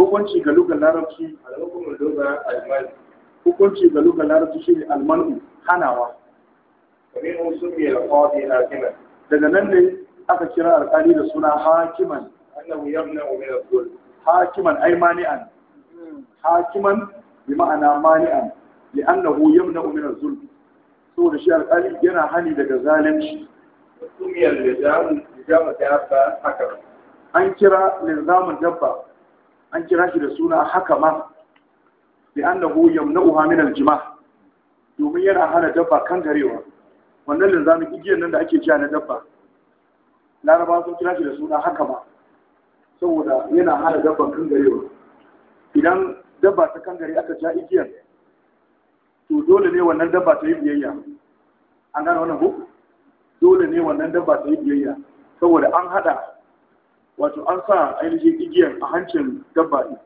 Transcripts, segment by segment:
hukunci ga lugar larabci hukunci ga lugar larabci shi ne almanu hanawa daga nan ne aka kira alƙali da suna hakiman hakiman ai mani'an hakiman bi ma'ana mani'an li annahu yamna min az-zulm saboda shi alƙali yana hani daga zalunci an kira lizamin dabba an kira shi da suna haka ma da annahu yamna'uha min aljima domin yana hana dabba kan garewa wannan linzamin igiyar nan da ake cewa na dabba laraba sun kira shi da suna haka ma saboda yana hana dabban kan garewa idan dabba ta kan gare aka ja igiyar to dole ne wannan dabba ta yi biyayya an gane wannan ko dole ne wannan dabba ta yi biyayya saboda an hada wato an sa ainihin igiyar a hancin dabba ɗin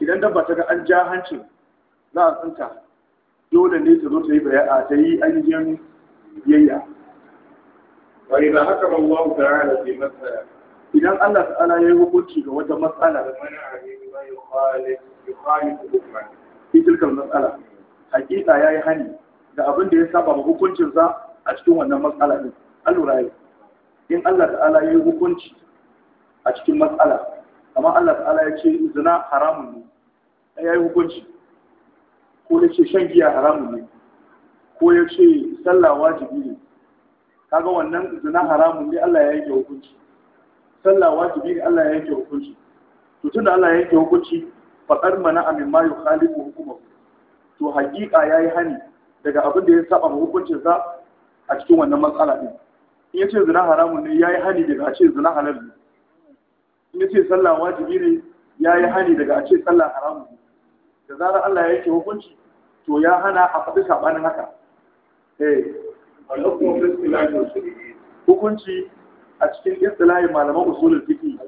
idan dabba ta ga an ja hancin za a tsinta dole ne ta zo ta yi bayani ta yi ainihin biyayya Wani ba haka Allah ta'ala bi masala idan Allah ta'ala ya yi hukunci ga wata matsala tilkar matsala hakika ya yi hani da abin da ya saba ma hukuncinsa a cikin wannan matsala ne. allura yi in Allah ta'ala ya yi hukunci a cikin matsala amma Allah ta'ala ya ce zina haramun ne ya yi hukunci ko ya ce shan giya haramun ne ko ya ce sallah wajibi ne kaga wannan zina haramun ne Allah ya yanke hukunci sallah wajibi ne Allah ya yanke hukunci to tunda Allah ya yanke hukunci faqad mana amin ma yukhalifu hukuma to haƙiƙa yayi hani daga abin da ya saba hukuncin sa a cikin wannan matsala din in yace zina haramun ne yayi hani daga ce zina halal ne in ce sallah wajibi ne ya yi hani daga a ce sallah haramu ne da zarar Allah ya yake hukunci to ya hana a faɗi saɓanin haka eh. hukunci a cikin istilahin malaman usulul fiqi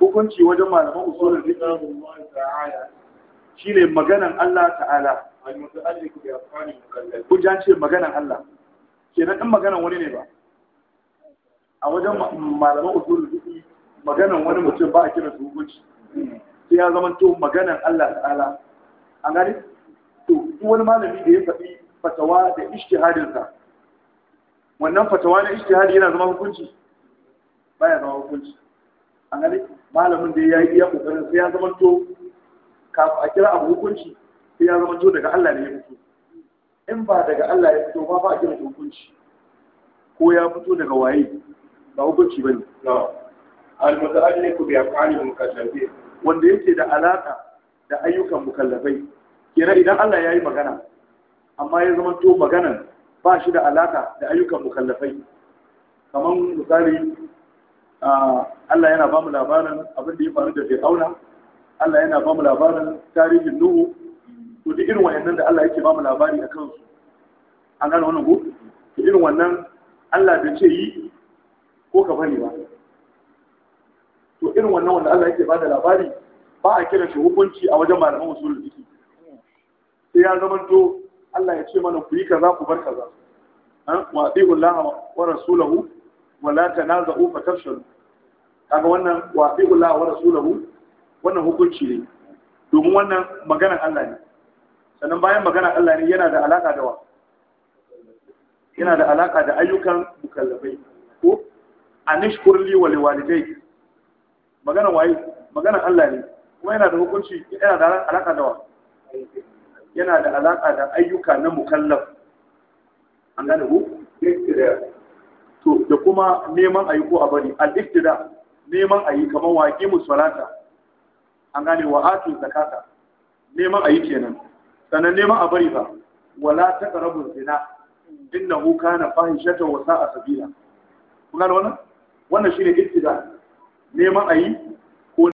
hukunci wajen malaman usulul fiqi shine maganan Allah ta'ala hujjan ce maganan Allah kenan in maganan wani ne ba a wajen malaman usulul maganan wani mutum ba a kira su hukunci sai ya zama to maganan Allah ta'ala an gani to duk wani malami da ya faɗi fatawa da ijtihadinsa wannan fatawa na ishtihadi yana zama hukunci baya zama hukunci an gani malamin da ya yi kokarin sai ya zama to kafin a kira abu hukunci sai ya zama to daga Allah ne ya fito in ba daga Allah ya fito ba ba a kira hukunci ko ya fito daga waye ba hukunci bane al-muta'alliqu bi af'alil mukallafin wanda yake da alaka da ayyukan mukallafai kira idan Allah yayi yi magana amma ya zama to maganan ba shi da alaka da ayyukan mukallafai kamar misali Allah yana ba mu labarin abin da ya faru da Fir'auna Allah yana ba mu labarin tarihin Nuhu to duk irin wayannan da Allah yake ba mu labari a kansu an gane wannan ko irin wannan Allah bai ce yi ko ka bari ba to irin wannan wanda Allah yake bada labari ba a kira shi hukunci a wajen malaman usulul fiqh sai ya zamanto Allah ya ce mana ku yi kaza ku bar kaza wa ati'u Allah wa rasulahu wa la tanazahu fa tafshalu kaga wannan wa ati'u Allah wa rasulahu wannan hukunci ne domin wannan maganar Allah ne sannan bayan maganar Allah ne yana da alaka da wa yana da alaka da ayyukan mukallafai ko anishkur li wa maganan waye magana Allah ne kuma yana da hukunci yana da alaka da wa yana da alaka da ayyuka na mukallaf an gane ku to da kuma neman ayi ko a bari al-iftida neman ayi kamar wa aqimu salata an gane wa atu zakata neman ayi kenan sannan neman a bari ba wala taqrabu zina innahu kana fahishatan wa sa'a sabila kun gane wannan wannan shine iftida neman a